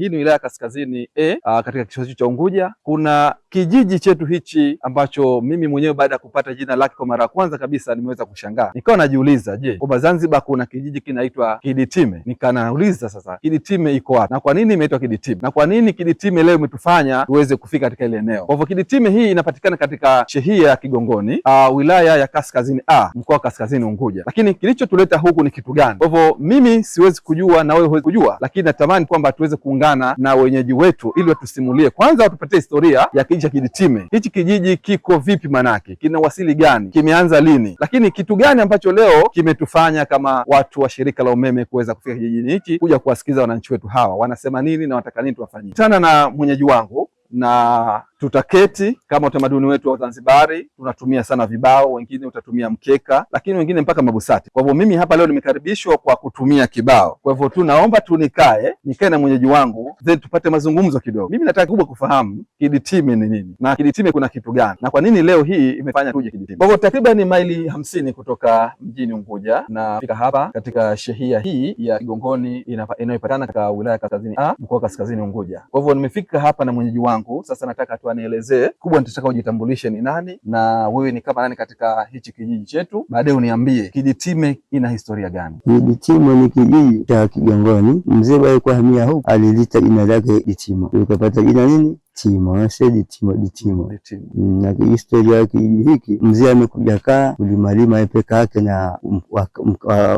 Hii ni wilaya kaskazini e, a, ah, katika kisiwa hicho cha Unguja. Kuna kijiji chetu hichi ambacho mimi mwenyewe baada ya kupata jina lake kwa mara ya kwanza kabisa nimeweza kushangaa, nikawa najiuliza, je, kwamba Zanzibar kuna kijiji kinaitwa Kiditime? Nikanauliza sasa, Kiditime iko wapi na kwa nini imeitwa Kiditime na kwa nini Kiditime leo imetufanya tuweze kufika katika ile eneo? Kwa hivyo Kiditime hii inapatikana katika shehia ya Kigongoni, a, ah, wilaya ya kaskazini A, mkoa wa kaskazini Unguja. Lakini kilichotuleta huku ni kitu gani? Kwa hivyo mimi siwezi kujua na wewe huwezi kujua, lakini natamani kwamba tuweze kuungana kuungana na wenyeji wetu ili watusimulie kwanza, watupatie historia ya kijiji cha Kiditime. Hichi kijiji kiko vipi? Manake kina wasili gani? Kimeanza lini? Lakini kitu gani ambacho leo kimetufanya kama watu wa shirika la umeme kuweza kufika kijijini hichi kuja kuwasikiza wananchi wetu hawa wanasema nini na wataka nini tuwafanyie. Tana na mwenyeji wangu na tutaketi kama utamaduni wetu wa Zanzibari, tunatumia sana vibao, wengine utatumia mkeka, lakini wengine mpaka mabusati. Kwa hivyo mimi hapa leo nimekaribishwa kwa kutumia kibao. Kwa hivyo tu naomba tu nikae nikae na mwenyeji wangu, then tupate mazungumzo kidogo. Mimi nataka kubwa kufahamu Kiditime ni nini na Kiditime kuna kitu gani na kwa nini leo hii imefanya tuje Kiditime. Kwa hivyo takriban maili hamsini kutoka mjini Unguja na fika hapa katika shehia hii ya Kigongoni inayopatikana katika wilaya kaskazini a ah, mkoa kaskazini Unguja. Kwa hivyo nimefika hapa na mwenyeji wangu, sasa nataka nielezee kubwa, nitataka ujitambulishe ni nani na wewe ni kama nani katika hichi kijiji chetu, baadaye uniambie Kijitime ina historia gani? Kijitime ni kijiji cha Kigongoni. Mzee alikuwa hamia huko, alilita jina lake Kijitime, ukapata jina nini Chima wanasema Jitima, Jitima na historia ya kijiji hiki, mzee amekuja kaa kulimalima yeye peke yake na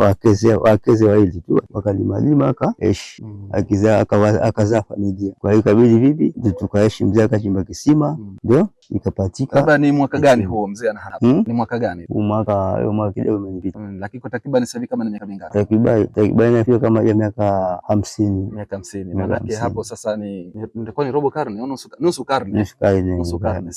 wakeze wakeze wawili tu wakalimalima eshi akiza akazaa familia. Kwa hiyo kabidi vipi tukaishi, mzee akachimba kisima ndio ikapatika. Labda ni mwaka gani huo mzee ana hapa? Ni mwaka gani huo? Mwaka huo mwaka kidogo umenipita, lakini kwa takriban sasa hivi kama ni miaka mingapi? Takriban takriban nafika kama ya miaka 50 miaka 50. Maana hapo sasa ni ndio ni robo karne unaona nusu karne, nusu karne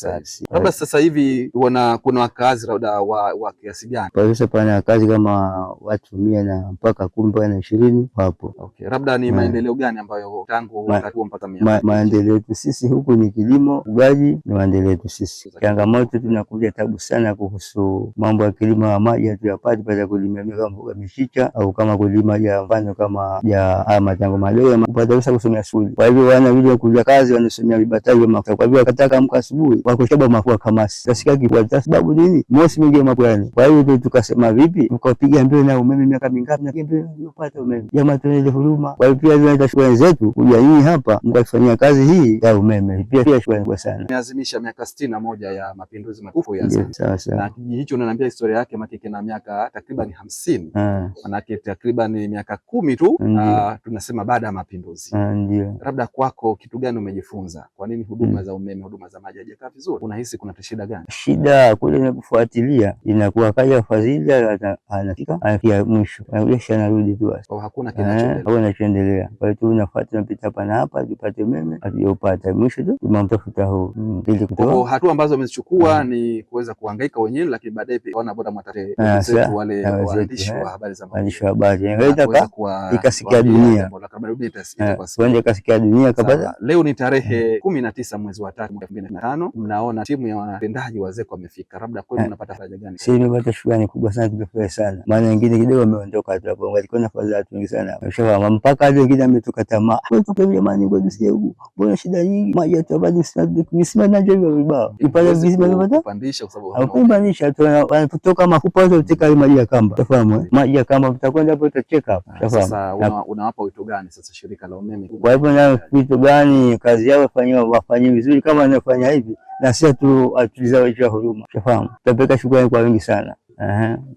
labda. Sasa hivi wana kuna wakazi labda wa, wa kiasi gani? Kwa sasa pana wakazi kama watu mia na mpaka kumi mpaka na ishirini wapo. Okay, labda ni maendeleo gani ambayo tangu wakati huo mpaka mia? Maendeleo yetu sisi huku ni kilimo, ugaji ni maendeleo yetu sisi. Changamoto tunakuja tabu sana kuhusu mambo ya kilimo ya maji, hatuyapati pata kulimia kama mboga mishicha au kama kulima ya mfano kama ya haya matango madogo kupata kusomea shule. Kwa hivyo wana vile kuja kazi wanasomea watajwa mafuta. Kwa hivyo wakataka amka asubuhi wakoshaba mafua kamasi kasikaki kwa sababu nini? mosi mingi ya mwingi mapwani. Kwa hivyo tukasema vipi, tukapiga mbio na umeme miaka mingapi na kimbe upata umeme jamaa, tunaile huruma. Kwa hivyo pia shule wenzetu kuja nyinyi hapa mkafanyia kazi hii ya umeme, pia pia shule kubwa sana. Niazimisha miaka 61 ya mapinduzi matukufu ya sasa, na kijiji hicho unaniambia historia yake makike na miaka takriban hamsini, ah. manake takriban miaka kumi tu ah, tunasema baada ya mapinduzi. Ah, Labda kwako kitu gani umejifunza kwa nini huduma hmm. za umeme, huduma za maji hajakaa vizuri? Unahisi kuna shida gani? Shida kule na kufuatilia inakuwa kaja fadhili anafika anafikia mwisho anagesha anarudi tu, basi oh, eh, hakuna kinachoendelea. Kwa hiyo tu unafuata, unapita hapa na hapa tupate umeme, hatujapata mwisho tu tunamtafuta huu hmm, ili kutoa. Oh, oh, hatua ambazo amezichukua hmm. ni kuweza kuhangaika wenyewe, lakini baadaye pia wana boda matare ah, wale eh. waandishi wa habari za maandishi wa habari ikasikia dunia, ikasikia dunia. Leo ni tarehe eh kumi na tisa mwezi wa tatu mwaka elfu mbili na tano mnaona timu ya watendaji wazeko wamefika, labda kwenu eh. mnapata faraja gani? Sisi tumepata shukrani kubwa sana, tumefurahi sana, maana wengine kidogo wameondoka tu hapo, walikuwa na fadhaa nyingi sana, ushafahamu, mpaka hadi wengine ametoka tamaa, jamani, ngoja sije huko, mbona shida nyingi, maji yatabadi, nisima najo hivyo vibao ipale visima vipata kupandisha, kwa sababu kupandisha tu wanapotoka makupa wote uteka maji ya kamba, eh, maji ya kamba utakwenda hapo utacheka hapo, unafahamu. Sasa unawapa wito gani sasa shirika la umeme? Kwa hivyo na wito gani kazi yao fanyiwa wafanye vizuri kama wanafanya hivi, na sisi tu atuliza huruma, tafahamu, Tutapeleka shukrani kwa wingi sana.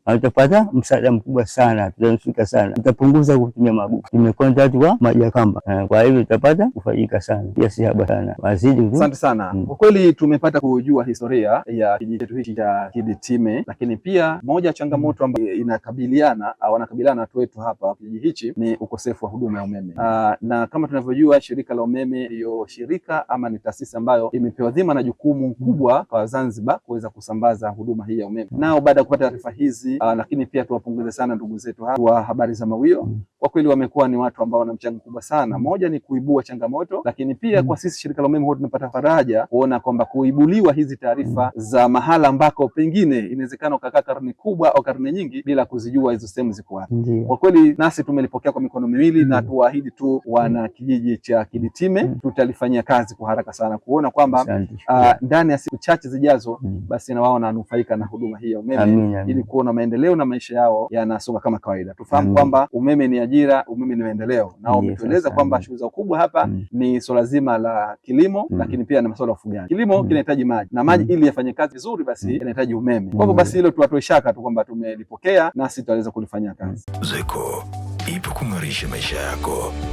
Atapata msaada mkubwa sana, tutanufaika sana, tutapunguza kutumia magugu, tumekwenda tu kwa maji ya kamba. Kwa hivyo tutapata kufaidika sana, pia si haba sana, wazidi. Asante sana mm. kwa Kweli tumepata kujua historia ya kijiji chetu hichi cha Kiditime, lakini pia moja ya changamoto ambayo inakabiliana au wanakabiliana watu wetu hapa kijiji hichi ni ukosefu wa huduma ya umeme. Aa, ah, na kama tunavyojua shirika la umeme hiyo shirika ama ni taasisi ambayo imepewa dhima na jukumu kubwa kwa Zanzibar kuweza kusambaza huduma hii ya umeme, nao baada ya kupata taarifa hizi uh, lakini pia tuwapongeze sana ndugu zetu hapa wa habari za Mawio. mm. Kwa kweli wamekuwa ni watu ambao wana mchango mkubwa sana. Mm. Moja ni kuibua changamoto, lakini pia mm. kwa sisi shirika la umeme huwa tunapata faraja kuona kwamba kuibuliwa hizi taarifa mm. za mahala ambako pengine inawezekana ukakaa karne kubwa au karne nyingi bila kuzijua hizo sehemu ziko wapi. Kwa kweli nasi tumelipokea kwa mikono miwili mm. na tuwaahidi tu wana mm. kijiji cha Kiditime mm. tutalifanyia kazi kwa haraka sana kuona kwamba ah, ndani ya siku chache zijazo mm. basi na wao wananufaika na huduma hii ya umeme yeah. ili kuona maendeleo na maisha yao yanasonga kama kawaida. Tufahamu mm. kwamba umeme ni ajira, umeme ni maendeleo, na wametueleza kwamba shughuli zao kubwa hapa mm. ni swala zima la kilimo mm. lakini pia na masuala ya ufugaji. Kilimo mm. kinahitaji maji na maji mm. ili yafanye kazi vizuri, basi mm. yanahitaji umeme. Kwa hivyo basi hilo tuwatoe shaka tu kwamba tumelipokea nasi tutaweza kulifanyia kazi. Mm. ZECO ipo kung'arisha maisha yako.